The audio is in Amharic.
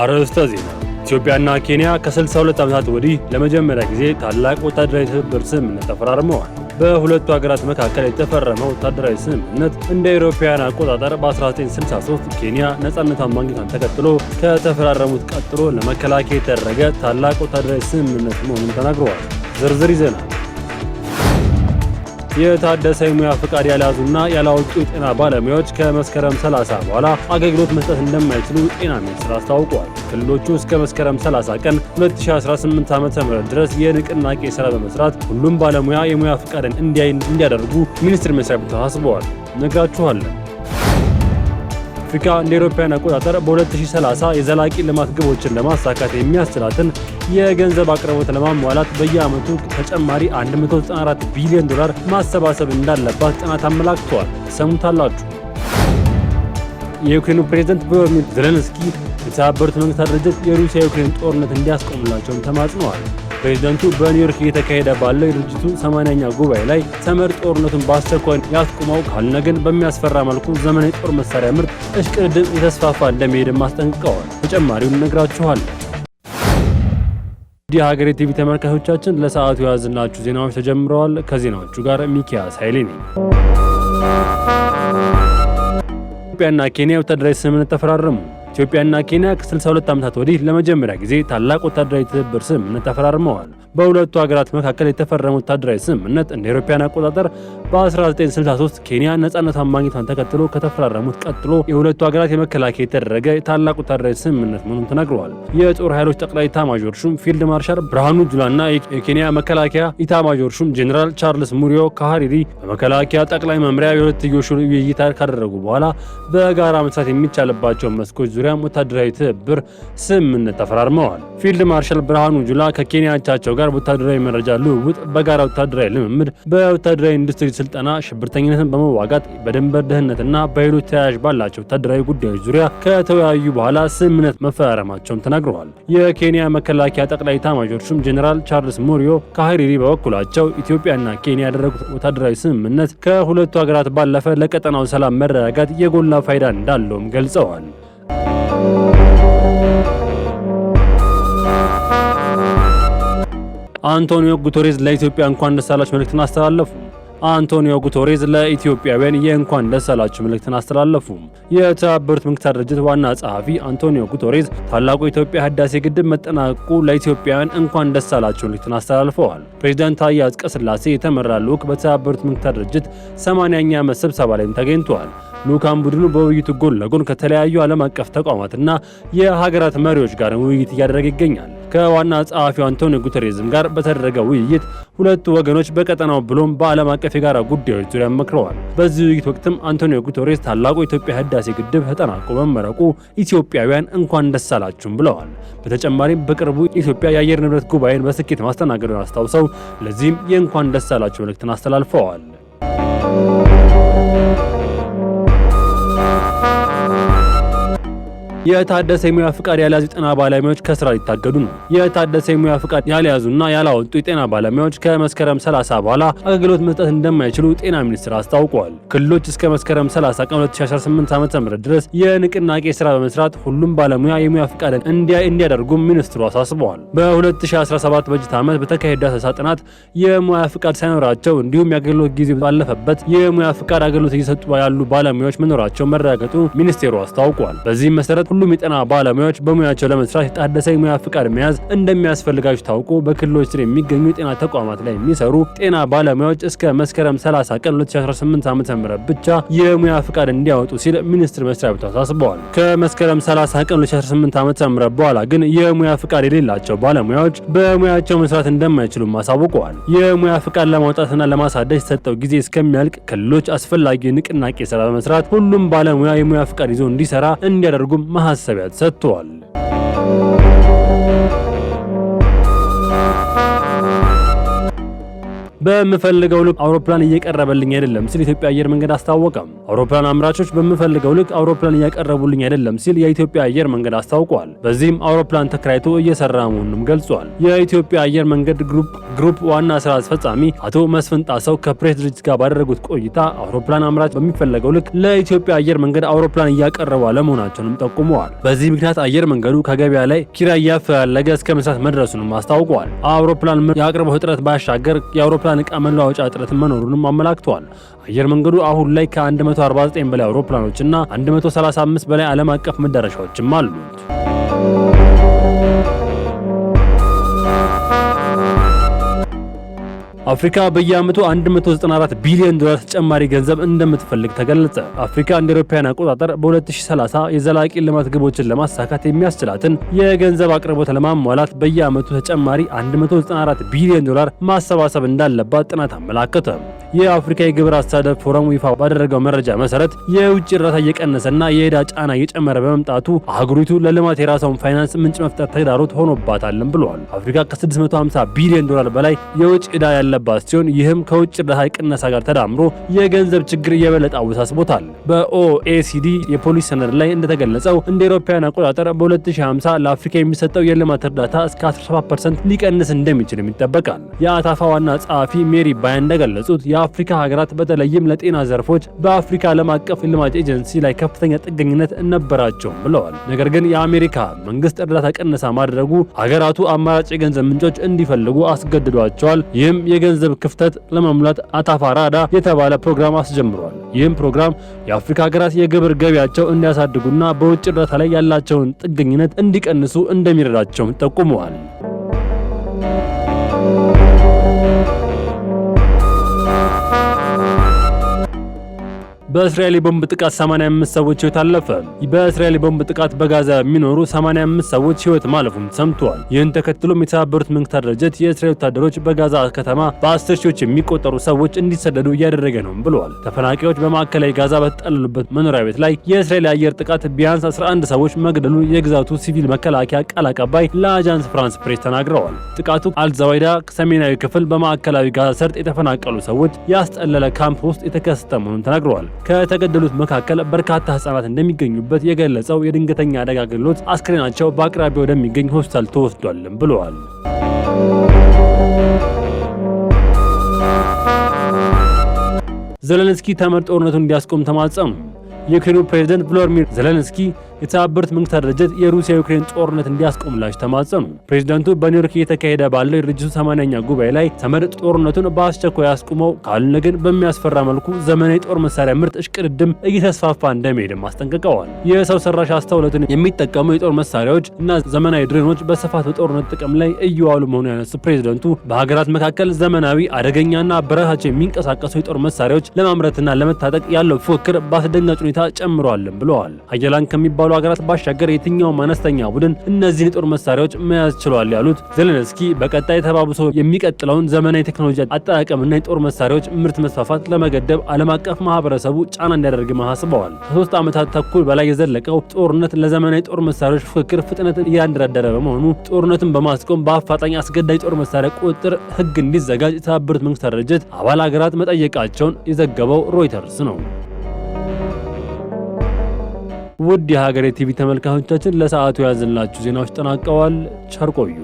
አርዕስተ ዜና ኢትዮጵያና ኬንያ ከ62 ዓመታት ወዲህ ለመጀመሪያ ጊዜ ታላቅ ወታደራዊ ትብብር ስምምነት ተፈራርመዋል። በሁለቱ ሀገራት መካከል የተፈረመ ወታደራዊ ስምምነት እንደ አውሮፓውያን አቆጣጠር በ1963 ኬንያ ነፃነቷን ማግኘቷን ተከትሎ ከተፈራረሙት ቀጥሎ ለመከላከያ የተደረገ ታላቅ ወታደራዊ ስምምነት መሆኑን ተናግረዋል። ዝርዝር ይዘናል። የታደሰ የሙያ ፍቃድ ያልያዙና ያላወጡ የጤና ባለሙያዎች ከመስከረም 30 በኋላ አገልግሎት መስጠት እንደማይችሉ ጤና ሚኒስቴር አስታውቋል። ክልሎቹ እስከ መስከረም 30 ቀን 2018 ም ድረስ የንቅናቄ ስራ በመስራት ሁሉም ባለሙያ የሙያ ፍቃድን እንዲያደርጉ ሚኒስቴር መስሪያ ቤቱ አስበዋል። ነግራችኋለን። አፍሪካ እንደ አውሮፓውያን አቆጣጠር በ2030 የዘላቂ ልማት ግቦችን ለማሳካት የሚያስችላትን የገንዘብ አቅርቦት ለማሟላት በየዓመቱ ተጨማሪ 194 ቢሊዮን ዶላር ማሰባሰብ እንዳለባት ጥናት አመላክተዋል። ሰሙታላችሁ። የዩክሬኑ ፕሬዝደንት ቮሎዲሚር ዜሌንስኪ የተባበሩት መንግስታት ድርጅት የሩሲያ ዩክሬን ጦርነት እንዲያስቆምላቸውም ተማጽነዋል። ፕሬዚደንቱ በኒውዮርክ እየተካሄደ ባለው የድርጅቱ 80ኛ ጉባኤ ላይ ሰመር ጦርነቱን በአስቸኳይ ያስቁመው፣ ካልነ ግን በሚያስፈራ መልኩ ዘመናዊ የጦር መሳሪያ ምርት እሽቅድድም የተስፋፋ እንደሚሄድም አስጠንቅቀዋል። ተጨማሪውን ነግራችኋል። ዲ ሀገሬ ቲቪ ተመልካቾቻችን ለሰዓቱ የያዝናችሁ ዜናዎች ተጀምረዋል። ከዜናዎቹ ጋር ሚኪያስ ኃይሌ ነኝ። ኢትዮጵያና ኬንያ ወታደራዊ ስምምነት ተፈራረሙ። ኢትዮጵያና ኬንያ ከ62 ዓመታት ወዲህ ለመጀመሪያ ጊዜ ታላቅ ወታደራዊ ትብብር ስምምነት ተፈራርመዋል። በሁለቱ ሀገራት መካከል የተፈረመ ወታደራዊ ስምምነት እንደ አውሮፓውያን አቆጣጠር በ1963 ኬንያ ነጻነቷን ማግኘቷን ተከትሎ ከተፈራረሙት ቀጥሎ የሁለቱ ሀገራት የመከላከያ የተደረገ ታላቅ ወታደራዊ ስምምነት መሆኑን ተናግረዋል። የጦር ኃይሎች ጠቅላይ ኢታማዦር ሹም ፊልድ ማርሻል ብርሃኑ ጁላና የኬንያ መከላከያ ኢታማዦር ሹም ጄኔራል ቻርልስ ሙሪዮ ካሃሪሪ በመከላከያ ጠቅላይ መምሪያ የሁለትዮሽ ውይይት ካደረጉ በኋላ በጋራ መስራት የሚቻልባቸውን መስኮች ዙሪያም ወታደራዊ ትብብር ስምምነት ተፈራርመዋል። ፊልድ ማርሻል ብርሃኑ ጁላ ከኬንያ አቻቸው ጋር ወታደራዊ መረጃ ልውውጥ፣ በጋራ ወታደራዊ ልምምድ፣ በወታደራዊ ኢንዱስትሪ ስልጠና፣ ሽብርተኝነትን በመዋጋት በድንበር ደህንነትና በሌሎች ተያያዥ ባላቸው ወታደራዊ ጉዳዮች ዙሪያ ከተወያዩ በኋላ ስምምነት መፈራረማቸውን ተናግረዋል። የኬንያ መከላከያ ጠቅላይ ኤታማዦር ሹም ጄኔራል ቻርልስ ሞሪዮ ከሃይሪሪ በበኩላቸው ኢትዮጵያና ኬንያ ያደረጉት ወታደራዊ ስምምነት ከሁለቱ ሀገራት ባለፈ ለቀጠናው ሰላም መረጋጋት የጎላ ፋይዳ እንዳለውም ገልጸዋል። አንቶኒዮ ጉተሬዝ ለኢትዮጵያ እንኳን ደስ አላችሁ መልእክትን አስተላለፉ። አንቶኒዮ ጉተሬዝ ለኢትዮጵያውያን የእንኳን ደስ አላችሁ መልእክትን አስተላለፉ። የተባበሩት መንግስታት ድርጅት ዋና ጸሐፊ አንቶኒዮ ጉቶሬዝ ታላቁ የኢትዮጵያ ህዳሴ ግድብ መጠናቀቁ ለኢትዮጵያውያን እንኳን ደስ አላችሁ መልእክትን አስተላልፈዋል። ፕሬዚዳንት ታዬ አጽቀሥላሴ የተመራ ልዑክ በተባበሩት መንግስታት ድርጅት 80ኛ ዓመት ስብሰባ ላይም ተገኝተዋል። ልዑካን ቡድኑ በውይይቱ ጎን ለጎን ከተለያዩ ዓለም አቀፍ ተቋማትና የሀገራት መሪዎች ጋር ውይይት እያደረገ ይገኛል። ከዋና ጸሐፊው አንቶኒዮ ጉተሬዝም ጋር በተደረገ ውይይት ሁለቱ ወገኖች በቀጠናው ብሎም በዓለም አቀፍ የጋራ ጉዳዮች ዙሪያ መክረዋል። በዚህ ውይይት ወቅትም አንቶኒዮ ጉተሬዝ ታላቁ የኢትዮጵያ ህዳሴ ግድብ ተጠናቆ መመረቁ ኢትዮጵያውያን እንኳን ደስ አላችሁም ብለዋል። በተጨማሪም በቅርቡ ኢትዮጵያ የአየር ንብረት ጉባኤን በስኬት ማስተናገዱን አስታውሰው ለዚህም የእንኳን ደስ አላችሁ መልእክትን አስተላልፈዋል። የታደሰ የሙያ ፍቃድ ያልያዙ የጤና ባለሙያዎች ከስራ ሊታገዱ ነው። የታደሰ የሙያ ፍቃድ ያልያዙና ያላወጡ የጤና ባለሙያዎች ከመስከረም 30 በኋላ አገልግሎት መስጠት እንደማይችሉ ጤና ሚኒስቴር አስታውቋል። ክልሎች እስከ መስከረም 30 ቀን 2018 ዓ.ም ድረስ የንቅናቄ ስራ በመስራት ሁሉም ባለሙያ የሙያ ፍቃድን እንዲያደርጉም ሚኒስትሩ አሳስበዋል። በ2017 በጀት ዓመት በተካሄደ አሰሳ ጥናት የሙያ ፍቃድ ሳይኖራቸው እንዲሁም የአገልግሎት ጊዜ ባለፈበት የሙያ ፍቃድ አገልግሎት እየሰጡ ያሉ ባለሙያዎች መኖራቸው መረጋገጡ ሚኒስቴሩ አስታውቋል። በዚህም መሰረት ሁሉም የጤና ባለሙያዎች በሙያቸው ለመስራት የታደሰ የሙያ ፍቃድ መያዝ እንደሚያስፈልጋቸው ታውቆ በክልሎች ስር የሚገኙ የጤና ተቋማት ላይ የሚሰሩ ጤና ባለሙያዎች እስከ መስከረም 30 ቀን 2018 ም ብቻ የሙያ ፍቃድ እንዲያወጡ ሲል ሚኒስቴር መስሪያ ቤቱ አሳስበዋል። ከመስከረም 30 ቀን 2018 ም በኋላ ግን የሙያ ፍቃድ የሌላቸው ባለሙያዎች በሙያቸው መስራት እንደማይችሉም አሳውቀዋል። የሙያ ፍቃድ ለማውጣትና ለማሳደግ የተሰጠው ጊዜ እስከሚያልቅ ክልሎች አስፈላጊ ንቅናቄ ስራ በመስራት ሁሉም ባለሙያ የሙያ ፍቃድ ይዞ እንዲሰራ እንዲያደርጉም ማሐሰቢያ ሰጥቷል። በምፈልገው ልክ አውሮፕላን እየቀረበልኝ አይደለም ሲል የኢትዮጵያ አየር መንገድ አስታወቀም። አውሮፕላን አምራቾች በምፈልገው ልክ አውሮፕላን እያቀረቡልኝ አይደለም ሲል የኢትዮጵያ አየር መንገድ አስታውቋል። በዚህም አውሮፕላን ተከራይቶ እየሰራ መሆኑንም ገልጿል። የኢትዮጵያ አየር መንገድ ግሩፕ ዋና ስራ አስፈጻሚ አቶ መስፍን ጣሰው ከፕሬስ ድርጅት ጋር ባደረጉት ቆይታ አውሮፕላን አምራች በሚፈለገው ልክ ለኢትዮጵያ አየር መንገድ አውሮፕላን እያቀረቡ አለመሆናቸውንም ጠቁመዋል። በዚህ ምክንያት አየር መንገዱ ከገበያ ላይ ኪራይ እያፈላለገ እስከ መስራት መድረሱንም አስታውቋል። አውሮፕላን የአቅርቦት እጥረት ባሻገር የአውሮፕላን አውሮፕላን ዕቃ መለዋወጫ እጥረት መኖሩንም አመላክተዋል። አየር መንገዱ አሁን ላይ ከ149 በላይ አውሮፕላኖችና 135 በላይ ዓለም አቀፍ መዳረሻዎችም አሉት። አፍሪካ በየዓመቱ 194 ቢሊዮን ዶላር ተጨማሪ ገንዘብ እንደምትፈልግ ተገለጸ። አፍሪካ እንደ አውሮፓውያን አቆጣጠር በ2030 የዘላቂ ልማት ግቦችን ለማሳካት የሚያስችላትን የገንዘብ አቅርቦት ለማሟላት በየዓመቱ ተጨማሪ 194 ቢሊዮን ዶላር ማሰባሰብ እንዳለባት ጥናት አመላከተ። የአፍሪካ የግብር አስተዳደር ፎረሙ ይፋ ባደረገው መረጃ መሰረት የውጭ እርዳታ እየቀነሰና የዕዳ ጫና እየጨመረ በመምጣቱ አህጉሪቱ ለልማት የራሷን ፋይናንስ ምንጭ መፍጠር ተግዳሮት ሆኖባታልም ብለዋል። አፍሪካ ከ650 ቢሊዮን ዶላር በላይ የውጭ ዕዳ ያለባት ሲሆን ይህም ከውጭ እርዳታ ቅነሳ ጋር ተዳምሮ የገንዘብ ችግር የበለጠ አወሳስቦታል። በኦኤሲዲ የፖሊስ ሰነድ ላይ እንደተገለጸው እንደ አውሮፓውያን አቆጣጠር በ2050 ለአፍሪካ የሚሰጠው የልማት እርዳታ እስከ 17% ሊቀንስ እንደሚችልም ይጠበቃል። የአታፋ ዋና ጸሐፊ ሜሪ ባያን እንደገለጹት የአፍሪካ ሀገራት በተለይም ለጤና ዘርፎች በአፍሪካ ዓለም አቀፍ ልማት ኤጀንሲ ላይ ከፍተኛ ጥገኝነት ነበራቸው ብለዋል። ነገር ግን የአሜሪካ መንግስት እርዳታ ቅነሳ ማድረጉ ሀገራቱ አማራጭ የገንዘብ ምንጮች እንዲፈልጉ አስገድዷቸዋል። ይህም የገንዘብ ክፍተት ለመሙላት አታፋራዳ የተባለ ፕሮግራም አስጀምሯል። ይህም ፕሮግራም የአፍሪካ ሀገራት የግብር ገቢያቸው እንዲያሳድጉና በውጭ እርዳታ ላይ ያላቸውን ጥገኝነት እንዲቀንሱ እንደሚረዳቸውም ጠቁመዋል። በእስራኤል የቦምብ ጥቃት 85 ሰዎች ሕይወት አለፈ። በእስራኤል የቦምብ ጥቃት በጋዛ የሚኖሩ 85 ሰዎች ህይወት ማለፉም ተሰምቷል። ይህን ተከትሎም የተባበሩት መንግስታት ድርጅት የእስራኤል ወታደሮች በጋዛ ከተማ በአስር ሺዎች የሚቆጠሩ ሰዎች እንዲሰደዱ እያደረገ ነው ብለዋል። ተፈናቃዮች በማዕከላዊ ጋዛ በተጠለሉበት መኖሪያ ቤት ላይ የእስራኤል የአየር ጥቃት ቢያንስ 11 ሰዎች መግደሉ የግዛቱ ሲቪል መከላከያ ቃል አቀባይ ለአጃንስ ፍራንስ ፕሬስ ተናግረዋል። ጥቃቱ አልዛዋይዳ ሰሜናዊ ክፍል በማዕከላዊ ጋዛ ሰርጥ የተፈናቀሉ ሰዎች ያስጠለለ ካምፕ ውስጥ የተከሰተ መሆኑን ተናግረዋል። ከተገደሉት መካከል በርካታ ህጻናት እንደሚገኙበት የገለጸው የድንገተኛ አደጋ አገልግሎት አስክሬናቸው በአቅራቢያ ወደሚገኝ ሆስፒታል ተወስዷልም ብለዋል። ዘለንስኪ ተመድ ጦርነቱን እንዲያስቆም ተማጸኑ። የዩክሬኑ ፕሬዝደንት ቮሎዲሚር ዘለንስኪ የተባበሩት መንግስታት ድርጅት የሩሲያ ዩክሬን ጦርነት እንዲያስቆምላቸው ተማጸኑ። ፕሬዚዳንቱ በኒውዮርክ እየተካሄደ ባለው የድርጅቱ 80ኛ ጉባኤ ላይ ተመድ ጦርነቱን በአስቸኳይ ያስቁመው ካልሆነ ግን በሚያስፈራ መልኩ ዘመናዊ ጦር መሳሪያ ምርት እሽቅድድም እየተስፋፋ እንደሚሄድም አስጠንቅቀዋል። የሰው ሰራሽ አስተውሎትን የሚጠቀሙ የጦር መሳሪያዎች እና ዘመናዊ ድሮኖች በስፋት በጦርነት ጥቅም ላይ እየዋሉ መሆኑን ያነሱ ፕሬዚደንቱ በሀገራት መካከል ዘመናዊ አደገኛና በራሳቸው የሚንቀሳቀሱ የጦር መሳሪያዎች ለማምረትና ለመታጠቅ ያለው ፉክክር በአስደንጋጭ ሁኔታ ጨምሯልም ብለዋል። አየላን ከሚባሉ ካሉ ሀገራት ባሻገር የትኛውም አነስተኛ ቡድን እነዚህን የጦር መሳሪያዎች መያዝ ችሏል ያሉት ዜሌንስኪ በቀጣይ ተባብሶ የሚቀጥለውን ዘመናዊ ቴክኖሎጂ አጠቃቀምና የጦር መሳሪያዎች ምርት መስፋፋት ለመገደብ ዓለም አቀፍ ማህበረሰቡ ጫና እንዲያደርግ አሳስበዋል። ከሶስት ዓመታት ተኩል በላይ የዘለቀው ጦርነት ለዘመናዊ ጦር መሳሪያዎች ፍክክር ፍጥነትን እያንደረደረ በመሆኑ ጦርነቱን በማስቆም በአፋጣኝ አስገዳጅ ጦር መሳሪያ ቁጥጥር ህግ እንዲዘጋጅ የተባበሩት መንግስታት ድርጅት አባል ሀገራት መጠየቃቸውን የዘገበው ሮይተርስ ነው። ውድ የሀገሬ ቲቪ ተመልካቾቻችን ለሰዓቱ ያዝንላችሁ ዜናዎች ጠናቀዋል። ቸር ቆዩ።